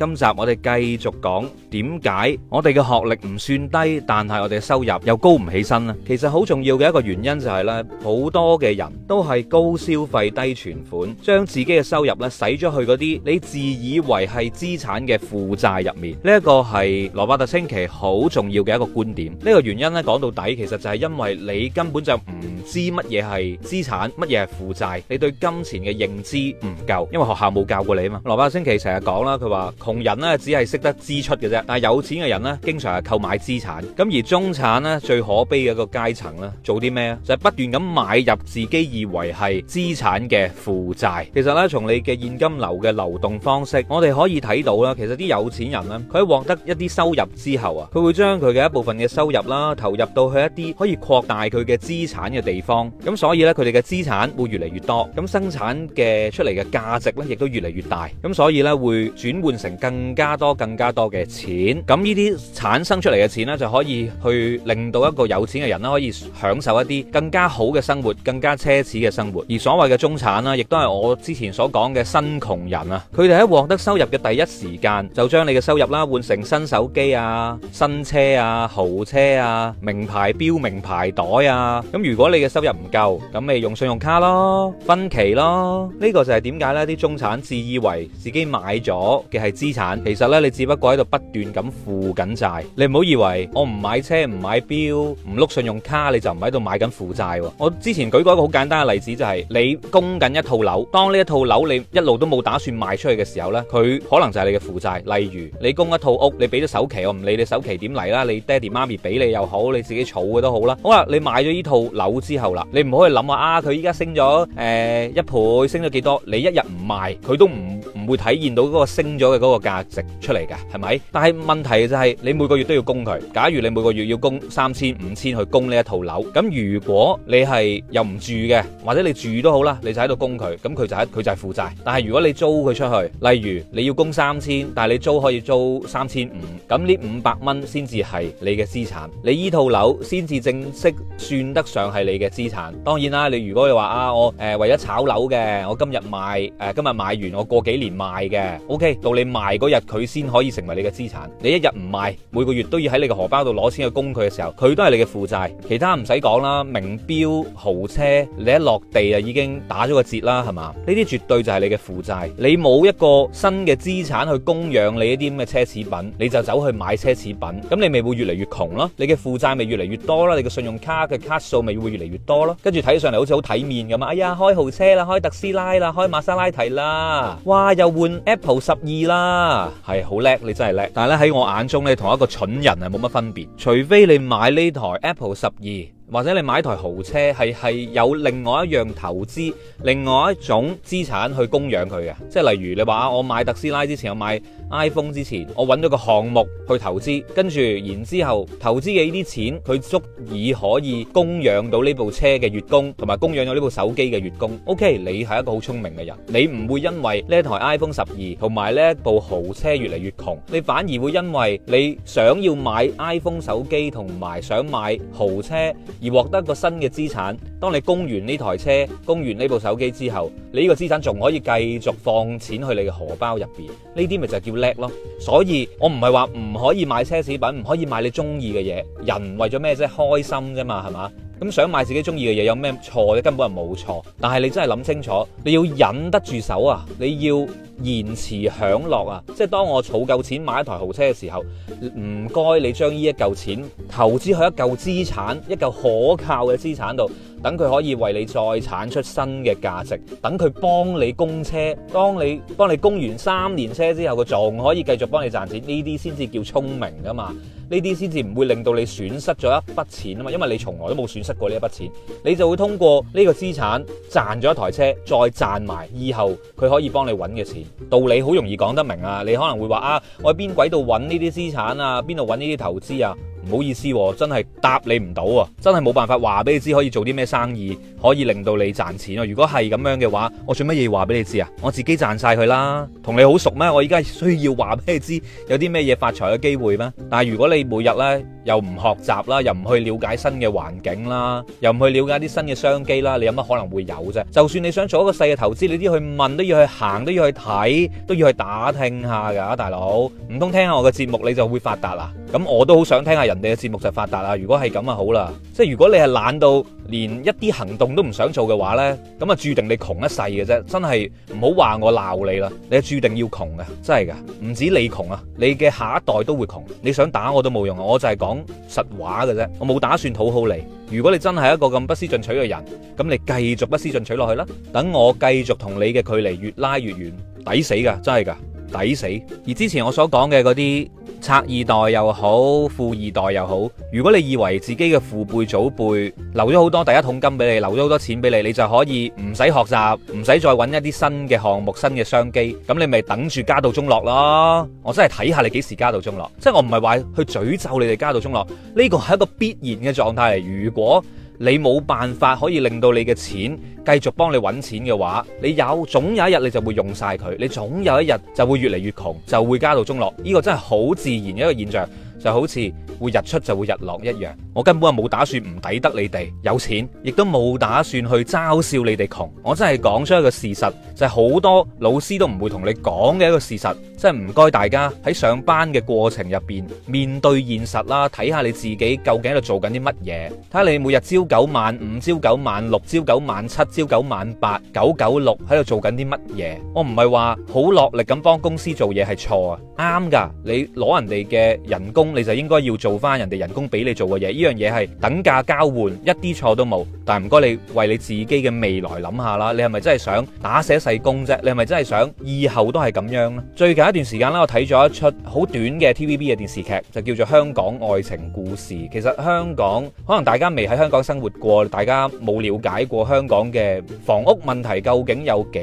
今集我哋繼續講。點解我哋嘅學歷唔算低，但係我哋嘅收入又高唔起身咧？其實好重要嘅一個原因就係、是、咧，好多嘅人都係高消費低存款，將自己嘅收入咧使咗去嗰啲你自以為係資產嘅負債入面。呢、這、一個係羅伯特清奇好重要嘅一個觀點。呢、這個原因咧講到底，其實就係因為你根本就唔知乜嘢係資產，乜嘢係負債，你對金錢嘅認知唔夠，因為學校冇教過你嘛。羅伯特清奇成日講啦，佢話窮人咧只係識得支出嘅啫。但係有錢嘅人呢，經常係購買資產。咁而中產呢，最可悲嘅一個階層呢，做啲咩啊？就係不斷咁買入自己以為係資產嘅負債。其實呢，從你嘅現金流嘅流動方式，我哋可以睇到啦。其實啲有錢人呢，佢喺獲得一啲收入之後啊，佢會將佢嘅一部分嘅收入啦，投入到去一啲可以擴大佢嘅資產嘅地方。咁所以呢，佢哋嘅資產會越嚟越多，咁生產嘅出嚟嘅價值呢亦都越嚟越大。咁所以呢，會轉換成更加多、更加多嘅錢。咁呢啲產生出嚟嘅錢呢，就可以去令到一個有錢嘅人呢，可以享受一啲更加好嘅生活，更加奢侈嘅生活。而所謂嘅中產啦，亦都係我之前所講嘅新窮人啊。佢哋喺獲得收入嘅第一時間，就將你嘅收入啦換成新手機啊、新車啊、豪車啊、名牌表、名牌袋啊。咁如果你嘅收入唔夠，咁咪用信用卡咯、分期咯。呢個就係點解呢啲中產自以為自己買咗嘅係資產，其實呢，你只不過喺度不斷，亂咁負緊債，你唔好以為我唔買車唔買表唔碌信用卡，你就唔喺度買緊負債。我之前舉過一個好簡單嘅例子，就係、是、你供緊一套樓，當呢一套樓你一路都冇打算賣出去嘅時候呢佢可能就係你嘅負債。例如你供一套屋，你俾咗首期，我唔理你首期點嚟啦，你爹哋媽咪俾你又好，你自己儲嘅都好啦。好啦，你買咗呢套樓之後啦，你唔可以諗下啊，佢依家升咗誒、呃、一倍，升咗幾多？你一日唔賣，佢都唔唔會體現到嗰個升咗嘅嗰個價值出嚟㗎，係咪？但係問題就係你每個月都要供佢。假如你每個月要供三千五千去供呢一套樓，咁如果你係又唔住嘅，或者你住都好啦，你就喺度供佢，咁佢就係、是、佢就係負債。但係如果你租佢出去，例如你要供三千，但係你租可以租三千五，咁呢五百蚊先至係你嘅資產，你依套樓先至正式算得上係你嘅資產。當然啦，你如果你話啊，我誒、呃、為咗炒樓嘅，我今日買誒今日買完，我過幾年賣嘅，OK，到你賣嗰日佢先可以成為你嘅資產。你一日唔賣，每個月都要喺你個荷包度攞錢去供佢嘅時候，佢都係你嘅負債。其他唔使講啦，名錶、豪車，你一落地就已經打咗個折啦，係嘛？呢啲絕對就係你嘅負債。你冇一個新嘅資產去供養你一啲咁嘅奢侈品，你就走去買奢侈品，咁你咪會越嚟越窮咯。你嘅負債咪越嚟越多啦，你嘅信用卡嘅卡數咪會越嚟越多咯。跟住睇上嚟好似好體面咁啊！哎呀，開豪車啦，開特斯拉啦，開瑪莎拉蒂啦，哇，又換 Apple 十二啦，係好叻，你真係叻，喺我眼中咧，同一個蠢人係冇乜分別，除非你買呢台 Apple 十二。或者你買台豪車，係係有另外一樣投資，另外一種資產去供養佢嘅，即係例如你話我買特斯拉之前，我買 iPhone 之前，我揾咗個項目去投資，跟住然之後，然後投資嘅呢啲錢，佢足以可以供養到呢部車嘅月供，同埋供養咗呢部手機嘅月供。OK，你係一個好聰明嘅人，你唔會因為呢台 iPhone 十二同埋呢部豪車越嚟越窮，你反而會因為你想要買 iPhone 手機同埋想買豪車。而獲得一個新嘅資產，當你供完呢台車、供完呢部手機之後，你呢個資產仲可以繼續放錢去你嘅荷包入邊，呢啲咪就叫叻叻咯。所以我唔係話唔可以買奢侈品，唔可以買你中意嘅嘢。人為咗咩啫？開心啫嘛，係嘛？咁想買自己中意嘅嘢有咩錯啫？根本係冇錯。但係你真係諗清楚，你要忍得住手啊！你要。延遲享樂啊！即係當我儲夠錢買一台豪車嘅時候，唔該你將呢一嚿錢投資去一嚿資產、一嚿可靠嘅資產度。等佢可以為你再產出新嘅價值，等佢幫你供車，當你幫你供完三年車之後，佢仲可以繼續幫你賺錢，呢啲先至叫聰明噶嘛，呢啲先至唔會令到你損失咗一筆錢啊嘛，因為你從來都冇損失過呢一筆錢，你就會通過呢個資產賺咗一台車，再賺埋以後佢可以幫你揾嘅錢，道理好容易講得明啊，你可能會話啊，我喺邊鬼度揾呢啲資產啊，邊度揾呢啲投資啊？唔好意思，真係答你唔到啊！真係冇辦法話俾你知可以做啲咩生意可以令到你賺錢啊！如果係咁樣嘅話，我做乜嘢要話俾你知啊？我自己賺晒佢啦，同你好熟咩？我而家需要話俾你知有啲咩嘢發財嘅機會咩？但係如果你每日呢。又唔學習啦，又唔去了解新嘅環境啦，又唔去了解啲新嘅商機啦，你有乜可能會有啫？就算你想做一個細嘅投資，你都要去問，都要去行，都要去睇，都要去打聽下噶，大佬。唔通聽下我嘅節目你就會發達啦？咁我都好想聽下人哋嘅節目就發達啦！如果係咁啊好啦，即係如果你係懶到連一啲行動都唔想做嘅話呢，咁啊注定你窮一世嘅啫，真係唔好話我鬧你啦，你注定要窮嘅，真係噶，唔止你窮啊，你嘅下一代都會窮。你想打我都冇用啊，我就係講。講實話嘅啫，我冇打算討好你。如果你真係一個咁不思進取嘅人，咁你繼續不思進取落去啦。等我繼續同你嘅距離越拉越遠，抵死噶，真係噶，抵死。而之前我所講嘅嗰啲，拆二代又好，富二代又好。如果你以為自己嘅父輩、祖輩留咗好多第一桶金俾你，留咗好多錢俾你，你就可以唔使學習，唔使再揾一啲新嘅項目、新嘅商機，咁你咪等住家道中落咯。我真係睇下你幾時家道中落。即係我唔係話去詛咒你哋家道中落，呢個係一個必然嘅狀態。如果你冇辦法可以令到你嘅錢繼續幫你揾錢嘅話，你有總有一日你就會用晒佢，你總有一日就會越嚟越窮，就會家道中落。呢個真係好自然一個現象。就好似會日出就會日落一樣，我根本啊冇打算唔抵得你哋有錢，亦都冇打算去嘲笑你哋窮。我真係講出一個事實，就係好多老師都唔會同你講嘅一個事實，即係唔該大家喺上班嘅過程入邊面面對現實啦，睇下你自己究竟喺度做緊啲乜嘢？睇下你每日朝九晚五、朝九晚六、朝九晚七、朝九晚八、九九六喺度做緊啲乜嘢？我唔係話好落力咁幫公司做嘢係錯啊，啱㗎。你攞人哋嘅人工。你就應該要做翻人哋人工俾你做嘅嘢，呢樣嘢係等價交換，一啲錯都冇。但係唔該，你為你自己嘅未來諗下啦，你係咪真係想打死一世工啫？你係咪真係想以後都係咁樣呢？最近一段時間啦，我睇咗一出好短嘅 TVB 嘅電視劇，就叫做《香港愛情故事》。其實香港可能大家未喺香港生活過，大家冇了解過香港嘅房屋問題究竟有幾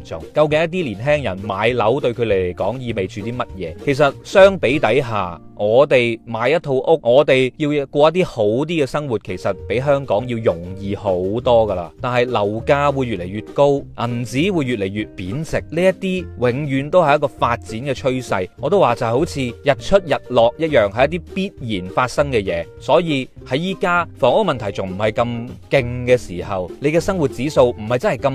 嚴重，究竟一啲年輕人買樓對佢嚟講意味住啲乜嘢？其實相比底下我。我哋買一套屋，我哋要過一啲好啲嘅生活，其實比香港要容易好多㗎喇。但係樓價會越嚟越高，銀紙會越嚟越貶值，呢一啲永遠都係一個發展嘅趨勢。我都話就好似日出日落一樣，係一啲必然發生嘅嘢。所以喺依家房屋問題仲唔係咁勁嘅時候，你嘅生活指數唔係真係咁。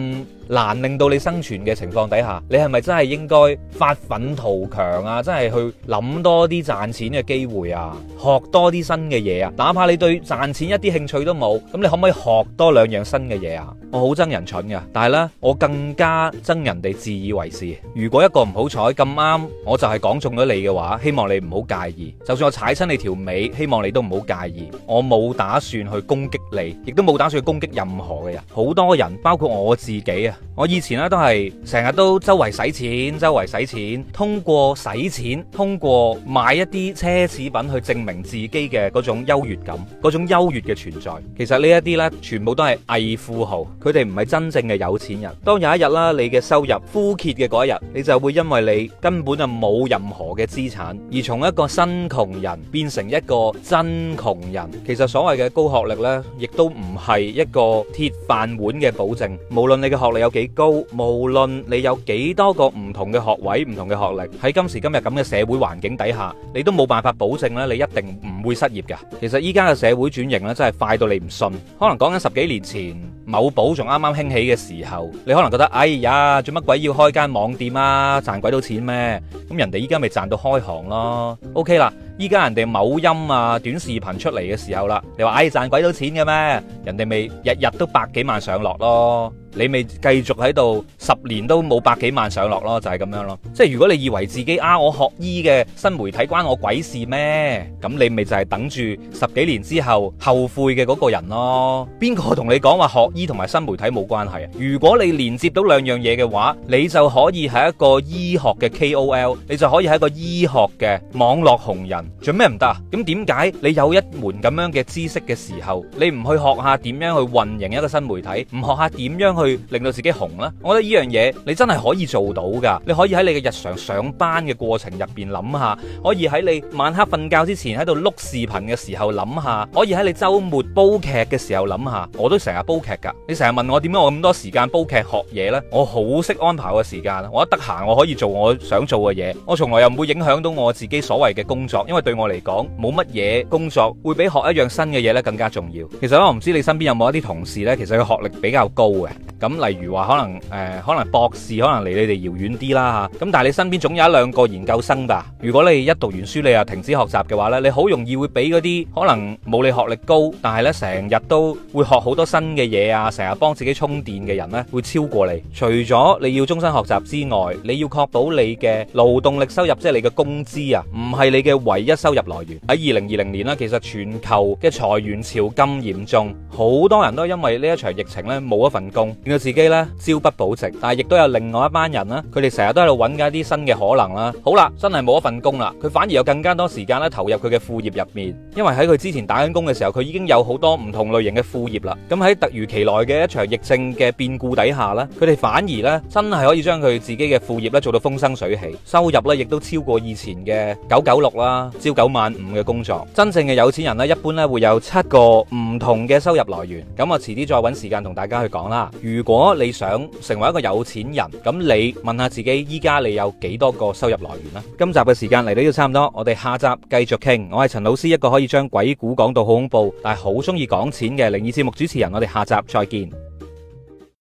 難令到你生存嘅情況底下，你係咪真係應該發憤圖強啊？真係去諗多啲賺錢嘅機會啊，學多啲新嘅嘢啊！哪怕你對賺錢一啲興趣都冇，咁你可唔可以學多兩樣新嘅嘢啊？我好憎人蠢㗎，但係咧，我更加憎人哋自以為是。如果一個唔好彩咁啱，我就係講中咗你嘅話，希望你唔好介意。就算我踩親你條尾，希望你都唔好介意。我冇打算去攻擊你，亦都冇打算去攻擊任何嘅人。好多人，包括我自己啊！我以前咧都係成日都周圍使錢，周圍使錢，通過使錢，通過買一啲奢侈品去證明自己嘅嗰種優越感，嗰種優越嘅存在。其實呢一啲呢，全部都係偽富豪，佢哋唔係真正嘅有錢人。當有一日啦，你嘅收入枯竭嘅嗰一日，你就會因為你根本就冇任何嘅資產，而從一個新窮人變成一個真窮人。其實所謂嘅高學歷呢，亦都唔係一個鐵飯碗嘅保證。無論你嘅學歷有有幾高？無論你有幾多個唔同嘅學位、唔同嘅學歷，喺今時今日咁嘅社會環境底下，你都冇辦法保證咧，你一定唔會失業噶。其實依家嘅社會轉型咧，真係快到你唔信。可能講緊十幾年前某寶仲啱啱興起嘅時候，你可能覺得哎呀，做乜鬼要開間網店啊？賺鬼到錢咩？咁人哋依家咪賺到開行咯。OK 啦。依家人哋某音啊，短視頻出嚟嘅時候啦，你話哎賺鬼到錢嘅咩？人哋咪日日都百幾萬上落咯，你咪繼續喺度十年都冇百幾萬上落咯，就係咁樣咯。即係如果你以為自己啊，我學醫嘅新媒體關我鬼事咩？咁你咪就係等住十幾年之後後悔嘅嗰個人咯。邊個同你講話學醫同埋新媒體冇關係啊？如果你連接到兩樣嘢嘅話，你就可以係一個醫學嘅 KOL，你就可以係一個醫學嘅網絡紅人。做咩唔得啊？咁點解你有一門咁樣嘅知識嘅時候，你唔去學下點樣去運營一個新媒體，唔學下點樣去令到自己紅呢？我覺得呢樣嘢你真係可以做到噶。你可以喺你嘅日常上班嘅過程入邊諗下，可以喺你晚黑瞓覺之前喺度碌視頻嘅時候諗下，可以喺你周末煲劇嘅時候諗下。我都成日煲劇噶，你成日問我點解我咁多時間煲劇學嘢呢？我好識安排我時間，我得閒我可以做我想做嘅嘢，我從來又唔會影響到我自己所謂嘅工作，因為因為對我，我嚟講冇乜嘢工作會比學一樣新嘅嘢咧更加重要。其實我唔知你身邊有冇一啲同事呢，其實佢學歷比較高嘅。咁例如話，可能誒，可能博士可能離你哋遙遠啲啦嚇，咁但係你身邊總有一兩個研究生㗎。如果你一讀完書你又停止學習嘅話咧，你好容易會俾嗰啲可能冇你學歷高，但係咧成日都會學好多新嘅嘢啊，成日幫自己充電嘅人咧，會超過你。除咗你要終身學習之外，你要確保你嘅勞動力收入，即係你嘅工資啊，唔係你嘅唯一收入來源。喺二零二零年啦，其實全球嘅裁員潮咁嚴重，好多人都因為呢一場疫情咧冇一份工，令到自己咧朝不保夕，但係亦都有另外一班人啦，佢哋成日都喺度揾緊一啲新嘅可能啦。好啦，真係冇一份工啦，佢反而有更加多時間咧投入佢嘅副業入面。因為喺佢之前打緊工嘅時候，佢已經有好多唔同類型嘅副業啦。咁喺突如其來嘅一場疫症嘅變故底下咧，佢哋反而咧真係可以將佢自己嘅副業咧做到風生水起，收入咧亦都超過以前嘅九九六啦，朝九晚五嘅工作。真正嘅有錢人咧，一般咧會有七個唔同嘅收入來源。咁啊遲啲再揾時間同大家去講啦。如果你想成為一個有錢人，咁你問下自己，依家你有幾多個收入來源呢？今集嘅時間嚟到都差唔多，我哋下集繼續傾。我係陳老師，一個可以將鬼故講到好恐怖，但係好中意講錢嘅靈異節目主持人。我哋下集再見。